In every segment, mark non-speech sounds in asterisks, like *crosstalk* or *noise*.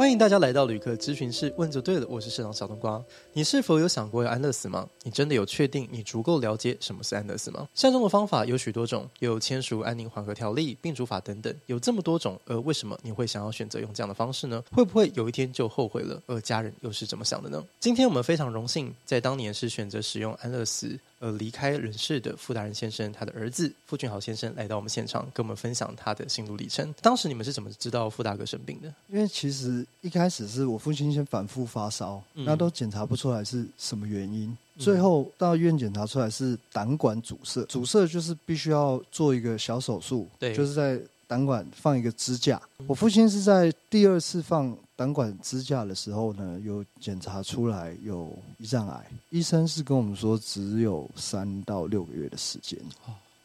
歡迎大家來到旅客諮詢室，問就對了，我是社長小冬瓜。你是否有想過要安樂死嗎？你真的有確定你足夠了解什麼是安樂死嗎？善終的方法有許多種，有簽署安寧緩和條例、病主法等等，有這麼多種。而為什麼你會想要選擇用這樣的方式呢？會不會有一天就後悔了？而家人又是怎麼想的呢？今天我們非常榮幸，在當年是選擇使用安樂死。呃，離開人世的傅達仁先生，他的兒子傅俊豪先生來到我們現場，跟我們分享他的心路歷程。當時你們是怎麼知道傅大哥生病的？因為其實一開始是我父親先反覆發燒，那、嗯、都檢查不出來是什麼原因，嗯、最後到醫院檢查出來是膽管阻塞。阻塞就是必須要做一個小手術，對，就是在膽管放一個支架。嗯、我父親是在第二次放。膽管支架的時候呢，有檢查出來有胰臟癌，醫生是跟我們說只有三到六個月的時間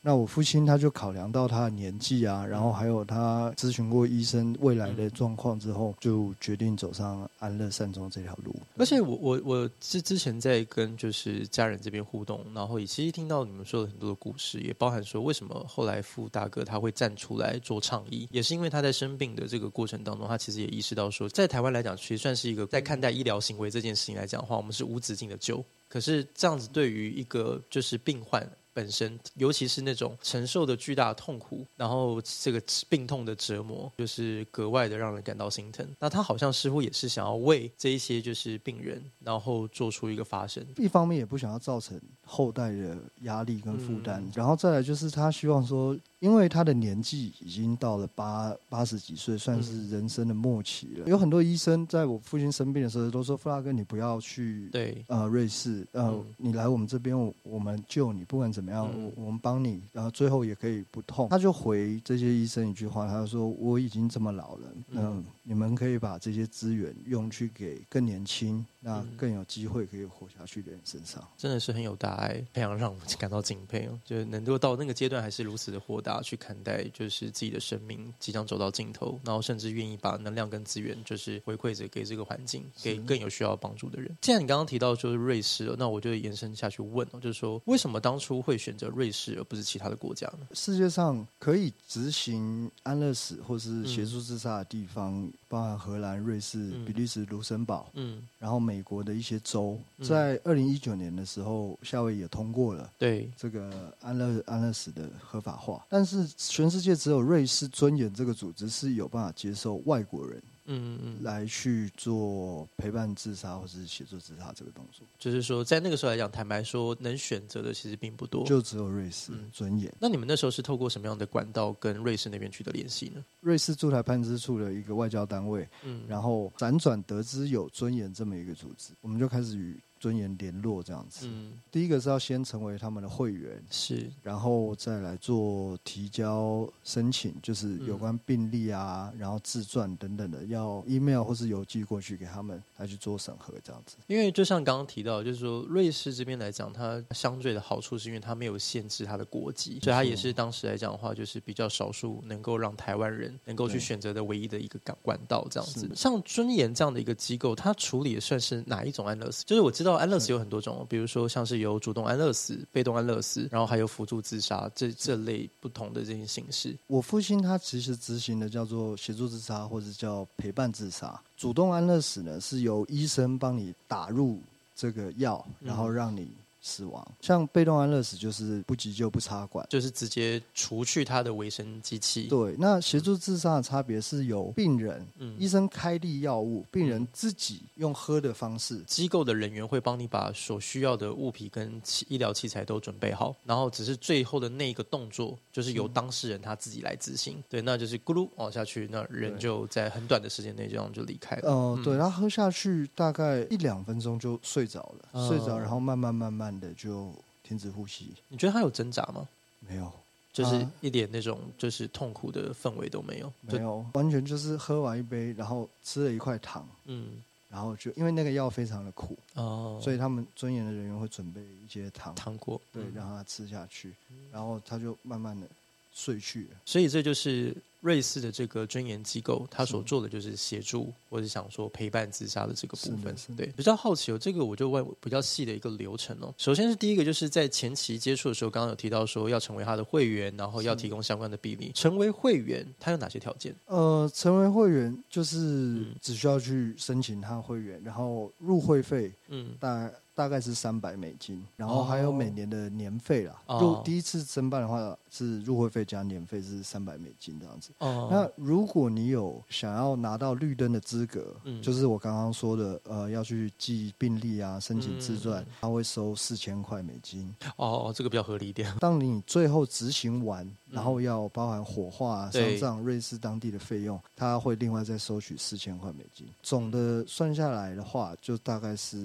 那我父親他就考量到他的年紀啊，然後還有他諮詢過醫生未來的狀況之後，就決定走上安樂善終這條路。而且我我我之之前在跟就是家人這邊互動，然後也其實聽到你們說了很多的故事，也包含說為什麼後來傅大哥他會站出來做倡議，也是因為他在生病的這個過程當中，他其實也意識到說，在台灣來講，其實算是一個在看待醫療行為這件事情來講的話，我們是無止境的救。可是這樣子對於一個就是病患，本身，尤其是那種承受的巨大的痛苦，然後這個病痛的折磨，就是格外的讓人感到心疼。那他好像似乎也是想要為這一些就是病人，然後做出一個發聲。一方面也不想要造成後代的壓力跟負擔，嗯、然後再來就是他希望說。因為他的年紀已經到了八八十幾歲，算是人生的末期了。嗯、有很多醫生在我父親生病的時候都說：“傅大哥，你不要去，對呃，瑞士，呃，嗯、你來我們這邊我，我們救你，不管怎麼樣、嗯我，我們幫你，然後最後也可以不痛。”他就回這些醫生一句話，他就說：“我已經這麼老了，呃、嗯，你們可以把這些資源用去給更年輕。”嗯、那更有機會可以活下去的人身上，真的是很有大愛，非常讓我感到敬佩哦！就是能夠到那個階段，還是如此的豁達去看待，就是自己的生命即將走到盡頭，然後甚至願意把能量跟資源，就是回饋着給這個環境，給更有需要幫助的人。是既然你剛剛提到就是瑞士了，那我就延伸下去問哦，就是說為什麼當初會選擇瑞士而不是其他的國家呢？世界上可以執行安樂死或是協助自殺的地方，嗯、包含荷蘭、瑞士、比利時、盧森堡，嗯，然後美。美國的一些州在二零一九年的時候，夏威夷也通過了對這個安樂安樂死的合法化，但是全世界只有瑞士尊嚴這個組織是有辦法接受外國人。嗯，嗯來去做陪伴自殺或者協助自殺這個動作，就是說在那個時候來講，坦白說能選擇的其實並不多，就只有瑞士尊嚴，嗯。那你們那時候是透過什麼樣的管道跟瑞士那邊取得聯繫呢？瑞士駐台辦事處的一個外交單位，嗯，然後輾轉得知有尊嚴這麼一個組織，我們就開始與。尊嚴聯絡這樣子，嗯、第一個是要先成為他們的會員，是，然後再來做提交申請，就是有關病歷啊，嗯、然後自傳等等的，要 email 或是郵寄過去給他們來去做審核這樣子。因為就像剛剛提到，就是說瑞士這邊來講，它相對的好處是因為它沒有限制它的國籍，所以它也是當時來講的話，就是比較少數能夠讓台灣人能夠去選擇的唯一的一個港管道這樣子。像尊嚴這樣的一個機構，它處理的算是哪一種安樂死？就是我知道。安樂死有很多種，比如說像是有主動安樂死、被動安樂死，然後還有輔助自殺這這類不同的這些形式。我父親他其實執行的叫做協助自殺，或者叫陪伴自殺。主動安樂死呢，是由醫生幫你打入這個藥，嗯、然後讓你。死亡。像被動安樂死就是不急救不插管，就是直接除去他的維生機器。對，那協助自殺的差別是由病人，嗯、醫生開立藥物，病人自己用喝的方式。機、嗯、構的人員會幫你把所需要的物品跟醫醫療器材都準備好，然後只是最後的那一個動作就是由當事人他自己來執行。嗯、對，那就是咕嚕往下去，那人就在很短的時間內這樣就離開了。哦、呃，嗯、對，他喝下去大概一兩分鐘就睡着了，呃、睡着然後慢慢慢慢。的就停止呼吸，你覺得他有掙扎嗎？沒有，就是一點那種就是痛苦的氛圍都沒有，沒有，完全就是喝完一杯，然後吃了一塊糖，嗯，然後就因為那個藥非常的苦哦，所以他們尊嚴的人員會準備一些糖糖果，對，讓他吃下去，嗯、然後他就慢慢的睡去了，所以這就是。瑞士的這個尊嚴機構，他所做的就是協助或者想說陪伴自殺的這個部分。對，比較好奇哦、喔，這個我就問比較細的一個流程哦、喔。首先是第一個，就是在前期接觸的時候，剛剛有提到說要成為他的會員，然後要提供相關的病例。成為會員，他有哪些條件？呃，成為會員就是只需要去申請他的會員，然後入會費，嗯，大大概是三百美金，然後還有每年的年費啦。就、哦哦、第一次申辦的話是入會費加年費是三百美金這樣子。哦，那如果你有想要拿到綠燈的資格，嗯、就是我剛剛說的，呃，要去寄病歷啊，申請自傳，嗯嗯嗯、他會收四千塊美金。哦，這個比較合理一點。當你最後執行完，然後要包含火化、啊、喪葬、嗯、瑞士當地的費用，對他會另外再收取四千塊美金。總的算下來的話，就大概是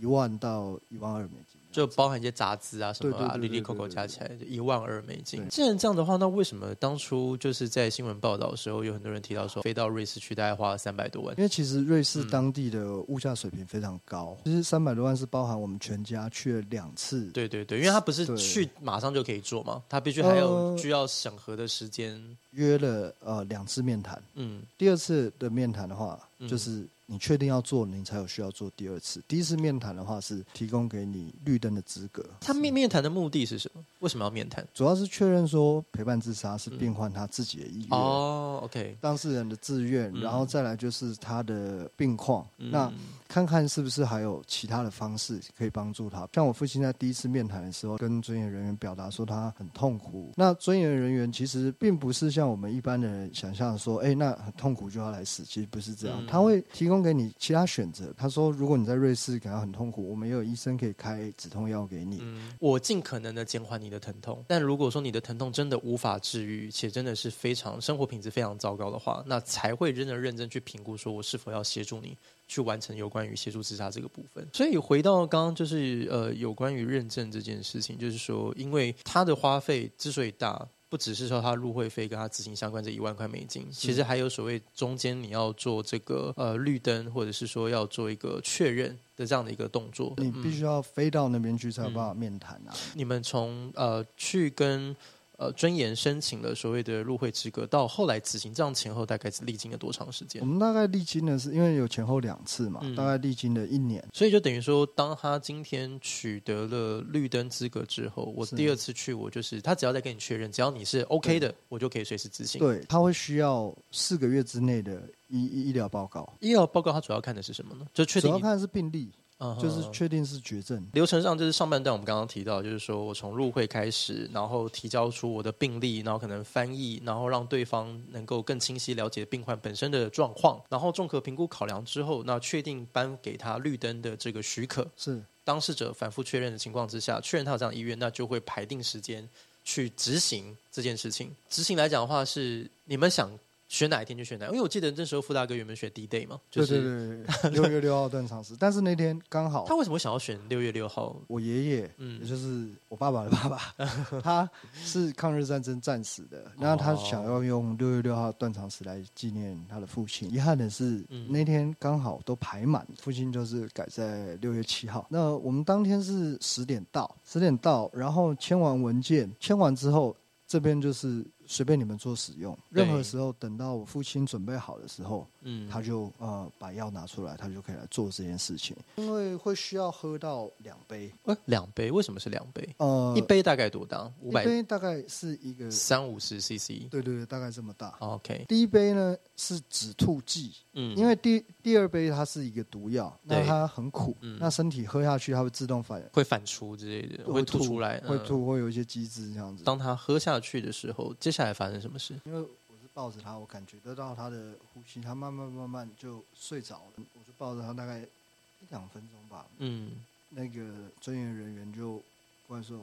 一萬到一萬二美金。就包含一些雜誌啊什麼啊，零零扣扣加起來就一萬二美金。對既然這樣的話，那為什麼當初就是在新聞報道的時候，有很多人提到說飛到瑞士去大概花了三百多萬？因為其實瑞士當地的物價水平非常高，嗯、其實三百多萬是包含我們全家去了兩次。對對對，因為他不是去馬上就可以做嘛，他必須還有需要審核的時間、呃。約了呃兩次面談，嗯，第二次的面談的話就是。你確定要做，你才有需要做第二次。第一次面談的話是提供給你綠燈的資格。他面嗎面談的目的是什麼？為什麼要面談？主要是確認說陪伴自殺是病患他自己的意願。嗯、哦，OK。當事人的自願，然後再來就是他的病況。嗯、那看看是不是還有其他的方式可以幫助他。像我父親在第一次面談的時候，跟專業人員表達說他很痛苦。那專業人員其實並不是像我們一般的人想象說，哎、欸，那很痛苦就要來死。其實不是這樣，嗯、他會提供。給你其他選擇。他說，如果你在瑞士感到很痛苦，我們也有醫生可以開止痛藥給你。嗯，我盡可能的減緩你的疼痛，但如果說你的疼痛真的無法治癒，且真的是非常生活品質非常糟糕的話，那才會真的認真去評估，說我是否要協助你去完成有關於協助自殺這個部分。所以回到剛剛，就是呃，有關於認證這件事情，就是說，因為它的花費之所以大。不只是說他入會費跟他執行相關這一萬塊美金，嗯、其實還有所謂中間你要做這個呃綠燈，或者是說要做一個確認的這樣的一個動作，你必須要飛到那邊去才有、嗯、才有辦法面談啊。你們從呃去跟呃，尊嚴申請了所謂的入會資格，到後來執行，這樣前後大概是歷經了多長時間？我們大概歷經的是，因為有前後兩次嘛，嗯、大概歷經了一年。所以就等於說，當他今天取得了綠燈資格之後，我第二次去，我就是，是他只要再跟你確認，只要你是 OK 的，對我就可以隨時執行。對他會需要四個月之內的醫醫療報告，醫療報告他主要看的是什麼呢？就確定你主要看的是病歷。啊，uh huh，就是確定是絕症。流程上就是上半段，我們剛剛提到，就是說我從入會開始，然後提交出我的病歷，然後可能翻譯，然後讓對方能夠更清晰了解病患本身的狀況，然後綜合評估考量之後，那確定頒給他綠燈的這個許可是，是當事者反複確認的情況之下，確認他有這樣意願，那就會排定時間去執行這件事情。執行來講的話，是你們想選哪一天就選哪一天，因為我記得那時候傅大哥原本選 D Day 嘛，就是六月六號斷腸時， *laughs* 但是那天剛好他為什麼想要選六月六號？我爺爺，嗯、也就是我爸爸的爸爸，嗯、 *laughs* 他是抗日戰爭戰死的，那他想要用六月六號斷腸時來紀念他的父親。遺、哦、憾的是，嗯、那天剛好都排滿，父親就是改在六月七號。那我們當天是十點到，十點到，然後簽完文件，簽完之後這邊就是。隨便你們做使用。任何時候等到我父親準備好的時候，他就呃把藥拿出來，他就可以來做這件事情。因為會需要喝到兩杯，欸，兩杯為什麼是兩杯呃，一杯大概多大一杯大概是一個三五十 CC，對對對，大概這麼大。OK，第一杯呢是止吐劑，嗯，因為第第二杯它是一個毒藥，那它很苦，那身體喝下去它會自動反會反出之類的，會吐出來，會吐會有一些機制這樣子。當他喝下去的時候，接下下來發生什麼事？因為我是抱着他，我感覺得到他的呼吸，他慢慢慢慢就睡着了，我就抱着他大概一兩分鐘吧。嗯，那個專業人員就過來說，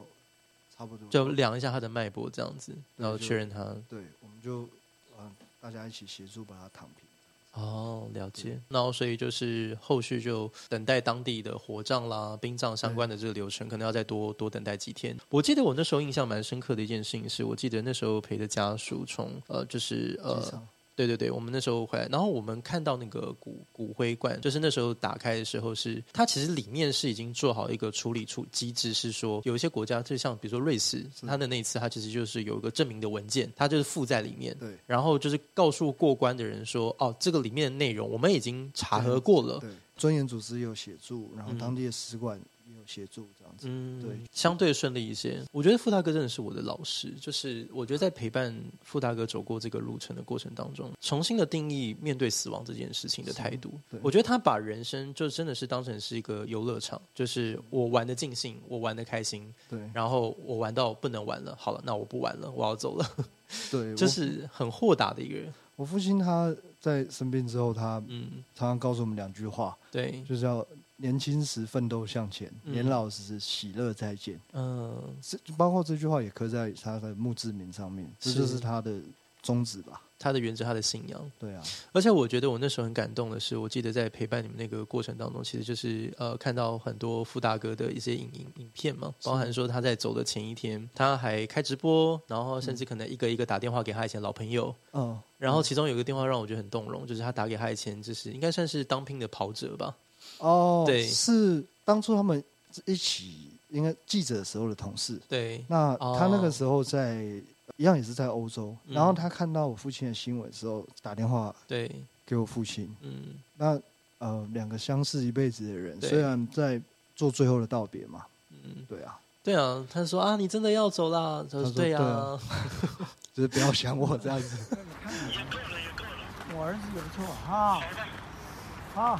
差不多就量一下他的脈搏這樣子，對然後確認他。對，我們就嗯，大家一起協助把他躺平。哦，了解。嗯、那所以就是後續就等待當地的火葬啦、殯葬相關的這個流程，對可能要再多多等待幾天。我記得我那時候印象蠻深刻的一件事情是，我記得那時候陪着家屬從呃，就是呃。對對對，我們那時候回來，然後我們看到那個骨骨灰罐，就是那時候打開的時候是，是它其實裡面是已經做好一個處理處機制，是說有一些國家，就像比如說瑞士，是它的那一次，它其實就是有一個證明的文件，它就是附在裡面。對，然後就是告訴過關的人說，哦，這個裡面的內容我們已經查核過了，對，專業組織有協助，然後當地的使館、嗯。也有協助這樣子，嗯，對，相對順利一些。我覺得傅大哥真的是我的老師，就是我覺得在陪伴傅大哥走過這個路程的過程當中，重新的定義面對死亡這件事情的態度。對，我覺得他把人生就真的是當成是一個遊樂場，就是我玩得盡興，我玩得開心，對，然後我玩到不能玩了，好了，那我不玩了，我要走了。對， *laughs* 就是很豁達的一個人。我，我父親他在生病之後，他嗯，常常告訴我們兩句話，嗯、對，就是要，年輕時奮鬥向前，年老時喜樂再見。嗯，這、呃、包括這句話也刻在他的墓誌銘上面，這是就，就是他的宗旨吧，他的原則，他的信仰。對啊，而且我覺得我那時候很感動的是，我記得在陪伴你們那個過程當中，其實就是呃，看到很多傅大哥的一些影影影片嘛，包含說他在走的前一天，他還開直播，然後甚至可能一個一個打電話給他以前的老朋友。嗯，然後其中有一個電話讓我覺得很動容，就是他打給他以前就是應該算是當兵的跑者吧。哦，對，是當初他們一起應該記者的時候的同事。對，那他那個時候在一樣也是在歐洲，然後他看到我父親的新聞之後打電話對給我父親。嗯，那呃兩個相識一輩子的人，雖然在做最後的道別嘛。嗯，對啊。對啊，他說啊，你真的要走啦？他說對啊，就是不要想我這樣子。我兒子也不錯啊好。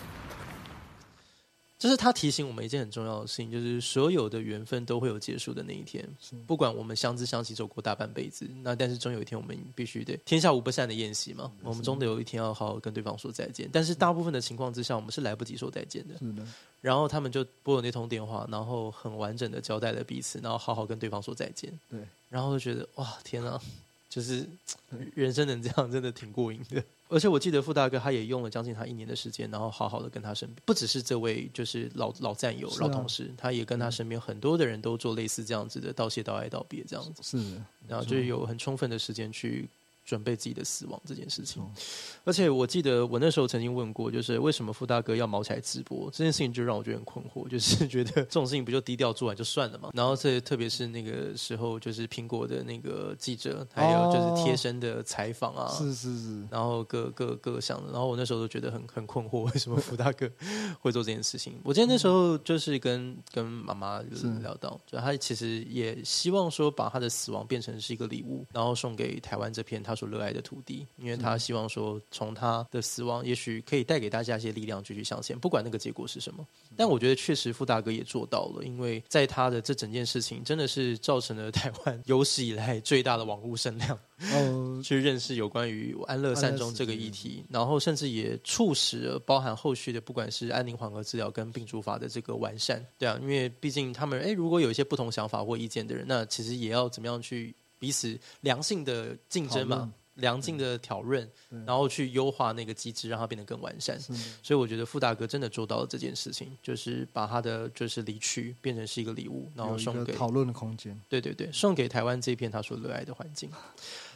就是他提醒我們一件很重要的事情，就是所有的緣分都會有結束的那一天，是不管我們相知相惜走過大半輩子，那但是終有一天我們必須得天下無不散的宴席嘛，我們終得有一天要好好跟對方說再見。但是大部分的情況之下，我們是來不及說再見的。是的，然後他們就撥了那通電話，然後很完整的交代了彼此，然後好好跟對方說再見。對，然後就覺得哇，天啊，就是人 *laughs* 生能這樣，真的挺過癮的。而且我記得傅大哥他也用了將近他一年的時間，然後好好的跟他身邊，不只是這位，就是老老戰友、啊、老同事，他也跟他身邊很多的人都做類似這樣子的、嗯、道謝、道愛、道別這樣子，是，然後就有很充分的時間去。準備自己的死亡這件事情，而且我記得我那時候曾經問過，就是為什麼傅大哥要毛起來直播這件事情，就讓我覺得很困惑，就是覺得這種事情不就低調做完就算了嘛。然後這特別是那個時候，就是蘋果的那個記者，還有就是貼身的採訪啊，是是是，然後各各各項的，然後我那時候都覺得很很困惑，為什麼傅大哥會做這件事情？我記得那時候就是跟跟媽媽就是聊到，就他其實也希望說把他的死亡變成是一個禮物，然後送給台灣這片他。他所熱愛的土地，因為他希望說，從他的死亡，也許可以帶給大家一些力量，繼續向前，不管那個結果是什麼。但我覺得，確實傅大哥也做到了，因為在他的這整件事情，真的是造成了台灣有史以來最大的網絡聲量，哦、去認識有關於安樂善終這個議題，然後甚至也促使了包含後續的，不管是安寧緩和治療跟病主法的這個完善，對啊，因為畢竟他們哎，如果有一些不同想法或意見的人，那其實也要怎麼樣去。彼此良性的競爭嘛，討論良性的挑認，然後去優化那個機制，讓它變得更完善。是所以我覺得傅大哥真的做到了這件事情，就是把他的就是離去變成是一個禮物，然後送給討論的空間。對對對，送給台灣這片他所熱愛的環境。 *laughs*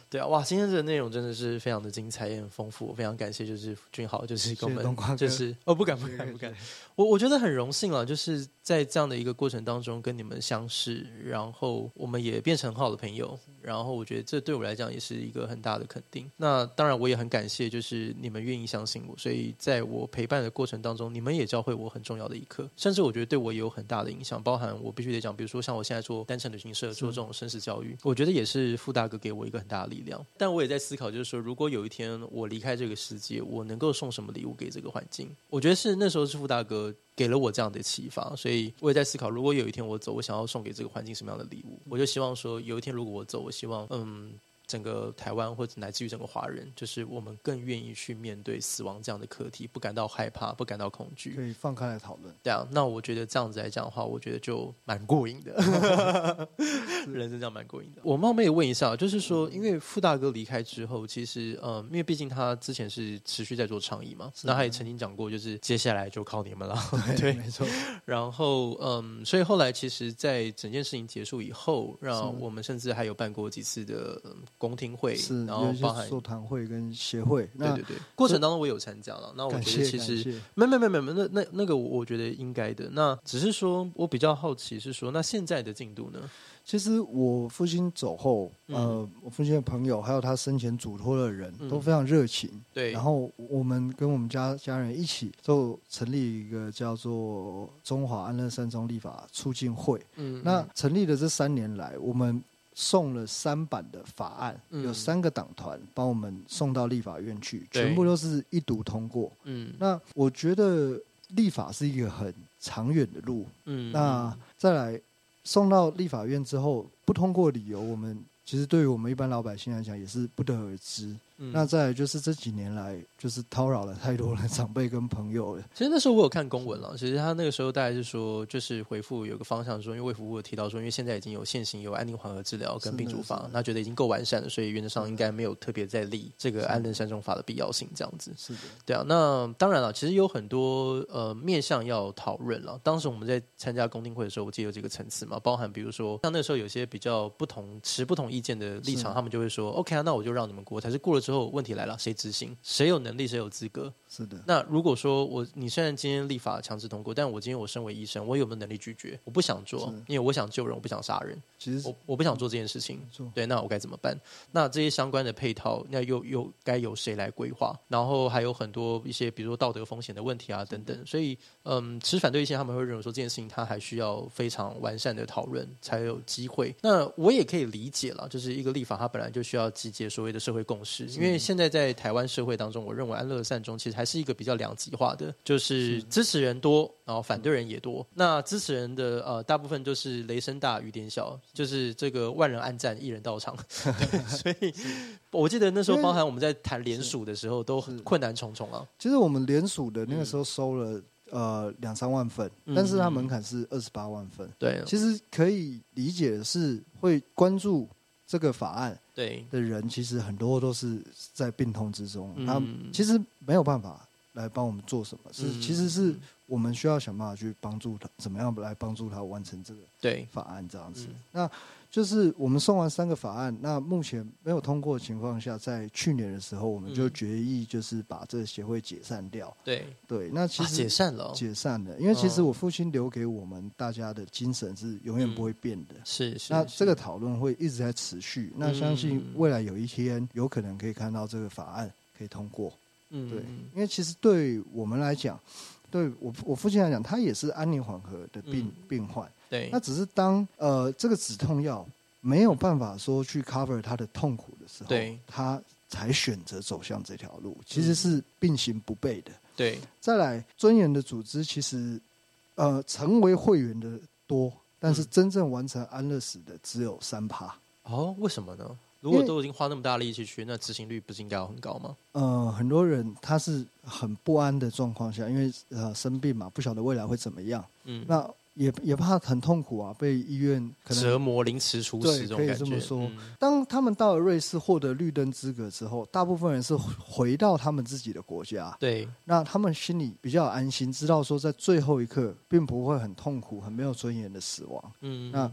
對啊，哇！今天這個內容真的是非常的精彩，也很豐富，我非常感謝，就是俊豪，就是跟我們，就是謝謝哦，不敢，不敢，不敢。不敢，我我覺得很榮幸啊，就是在這樣的一個過程當中跟你們相識，然後我們也變成很好的朋友，然後我覺得這對我來講也是一個很大的肯定。那當然我也很感謝，就是你們願意相信我，所以在我陪伴的過程當中，你們也教會我很重要的一課，甚至我覺得對我也有很大的影響。包含我必須得講，比如說像我現在做單程旅行社，做這種生死教育，是我覺得也是傅大哥給我一個很大的力量。但我也在思考，就是說，如果有一天我離開這個世界，我能夠送什麼禮物給這個環境？我覺得是那時候是傅大哥給了我這樣的啟發，所以我也在思考，如果有一天我走，我想要送給這個環境什麼樣的禮物？我就希望說，有一天如果我走，我希望，嗯。整個台灣或者乃至於整個華人，就是我們更願意去面對死亡這樣的課題，不感到害怕，不感到恐懼，可以放開來討論。對啊，那我覺得這樣子來講的話，我覺得就蠻過癮的。 *laughs* 是人生這樣蠻過癮的。我冒昧問一下，就是說，因為傅大哥離開之後，其實，嗯，因為畢竟他之前是持續在做倡議嘛，的那他也曾經講過，就是接下來就靠你們了。對，對沒錯。然後，嗯，所以後來，其實在整件事情結束以後，讓我們甚至還有辦過幾次的。嗯公聽會，是然後包含座談會跟協會，嗯、那對對對，以過程當中我有參加了，那我覺得其實沒沒沒沒沒，那那那個我我覺得應該的，那只是說我比較好奇是說，那現在的進度呢？其實我父親走後，呃，嗯、我父親的朋友還有他生前囑託的人都非常熱情，嗯、對，然後我們跟我們家家人一起，就成立一個叫做中華安樂善終立法促進會，嗯，那成立的這三年來，我們。送了三版的法案，有三個黨團幫我們送到立法院去，嗯、全部都是一讀通過。嗯，那我覺得立法是一個很長遠的路。嗯，那再來送到立法院之後不通過理由，我們其實對於我們一般老百姓來講也是不得而知。嗯、那再來就是這幾年來，就是叨擾了太多了長輩跟朋友了。其實那時候我有看公文了，其實他那個時候大概是說，就是回復有個方向，說因為衛福部有提到說，因為現在已經有現行有安寧緩和治療跟病主法，那覺得已經夠完善了，所以原則上應該沒有特別再立這個安樂善終法的必要性，這樣子。是的，對啊。那當然了，其實有很多呃面向要討論了。當時我們在參加公聽會的時候，我記得有幾個層次嘛，包含比如說像那時候有些比較不同持不同意見的立場，的他們就會說：“OK 啊，那我就讓你們過。”才是過了。之後問題來了，誰執行？誰有能力？誰有資格？是的。那如果說我你雖然今天立法強制通過，但我今天我身為醫生，我有沒有能力拒絕？我不想做，的因為我想救人，我不想殺人。其實我我不想做這件事情。做對，那我該怎麼辦？那這些相關的配套，那又又該由誰來規劃？然後還有很多一些，比如說道德風險的問題啊等等。所以，嗯、呃，其實反對一些他們會認為說，這件事情它還需要非常完善的討論才有機會。那我也可以理解了，就是一個立法，它本來就需要集結所謂的社會共識。因為現在在台灣社會當中，我認為安樂善終其實還是一個比較兩極化的，就是支持人多，然後反對人也多。那支持人的呃，大部分都是雷聲大雨點小，就是這個萬人按讚，一人到場。 *laughs* 所以我記得那時候，包含我們在談聯署的時候，為都很困難重重啊。其實我們聯署的那個時候收了、嗯、呃兩三萬份，但是它門檻是二十八萬份。嗯、對、啊，其實可以理解的是會關注。這個法案對的人其實很多都是在病痛之中，他其實沒有辦法來幫我們做什麼，是其實是我們需要想辦法去幫助他，怎麼樣來幫助他完成這個對法案這樣子。那。就是我們送完三個法案，那目前沒有通過的情況下，在去年的時候，我們就決議就是把這個協會解散掉。嗯、對對，那其實、啊、解散了，解散了。因為其實我父親留給我們大家的精神是永遠不會變的。是、嗯、是。是那這個討論會一直在持續，嗯、那相信未來有一天有可能可以看到這個法案可以通過。嗯，對。因為其實對我們來講，對我我父親來講，他也是安寧緩和的病、嗯、病患，對，那只是當呃這個止痛藥沒有辦法說去 cover 他的痛苦的時候，對，他才選擇走向這條路，其實是並行不悖的。嗯、對，再來，尊嚴的組織其實呃成為會員的多，但是真正完成安樂死的只有三趴、嗯。哦，為什麼呢？如果都已經花那麼大力氣去，為那執行率不是應該要很高嗎？呃，很多人他是很不安的狀況下，因為呃生病嘛，不曉得未來會怎麼樣。嗯，那。也也怕很痛苦啊，被醫院可能折磨、凌遲處死，這種感覺。可以這麼說，嗯、當他們到了瑞士獲得綠燈資格之後，大部分人是回到他們自己的國家，對、嗯，那他們心裡比較安心，知道說在最後一刻並不會很痛苦、很沒有尊嚴的死亡。嗯，那。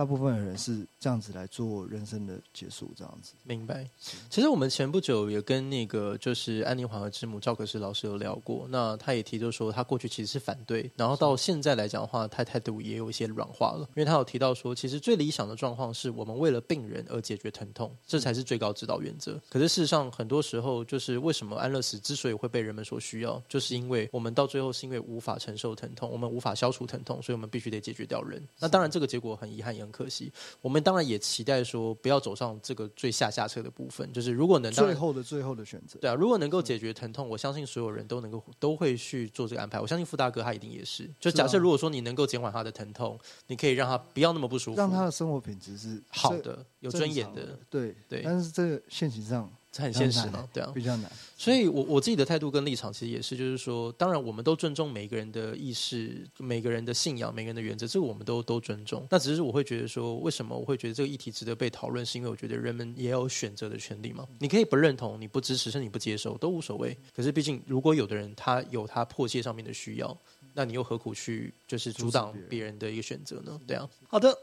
大部分的人是這樣子來做人生的結束，這樣子。明白。其實我們前不久也跟那個就是安寧緩和之母趙可式老師有聊過，那他也提就說，他過去其實是反對，然後到現在來講的話，他態度也有一些軟化了。因為他有提到說，其實最理想的狀況是我們為了病人而解決疼痛，這才是最高指導原則。可是事實上，很多時候就是為什麼安樂死之所以會被人們所需要，就是因為我們到最後是因為無法承受疼痛，我們無法消除疼痛，所以我們必須得解決掉人。的那當然，這個結果很遺憾。也很可惜，我們當然也期待說不要走上這個最下下策的部分，就是如果能到最後的最後的選擇，對啊，如果能夠解決疼痛，對我相信所有人都能夠都會去做這個安排。我相信傅大哥他一定也是。就假設如果說你能夠減緩他的疼痛，啊、你可以讓他不要那麼不舒服，讓他的生活品質是好的、有尊嚴的。對對，對但是這個現實上。這很現實嘛，對啊，比較難。比較難，所以我我自己的態度跟立場其實也是，就是說，當然我們都尊重每一個人的意識、每個人的信仰、每個人的原則，這個我們都都尊重。那只是我會覺得說，為什麼我會覺得這個議題值得被討論？是因為我覺得人們也有選擇的權利嘛。嗯、你可以不認同、你不支持、甚至你不接受都無所謂。嗯、可是畢竟，如果有的人他有他迫切上面的需要，那你又何苦去就是阻擋別人的一個選擇呢？對啊，好的。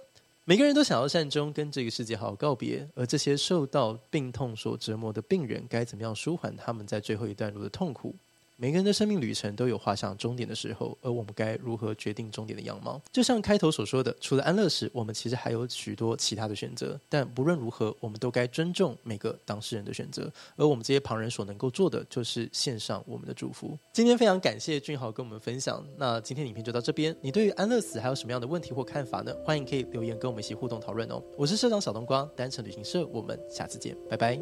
每個人都想要善終，跟這個世界好好告別。而這些受到病痛所折磨的病人，該怎麼樣舒緩他們在最後一段路的痛苦？每個人的生命旅程都有畫上終點的時候，而我們該如何決定終點的樣貌？就像開頭所說的，除了安樂死，我們其實還有許多其他的選擇。但不論如何，我們都該尊重每個當事人的選擇。而我們這些旁人所能夠做的，就是獻上我們的祝福。今天非常感謝俊豪跟我們分享。那今天影片就到這邊。你對於安樂死還有什麼樣的問題或看法呢？歡迎可以留言跟我們一起互動討論哦。我是社長小冬瓜，單程旅行社。我們下次見，拜拜。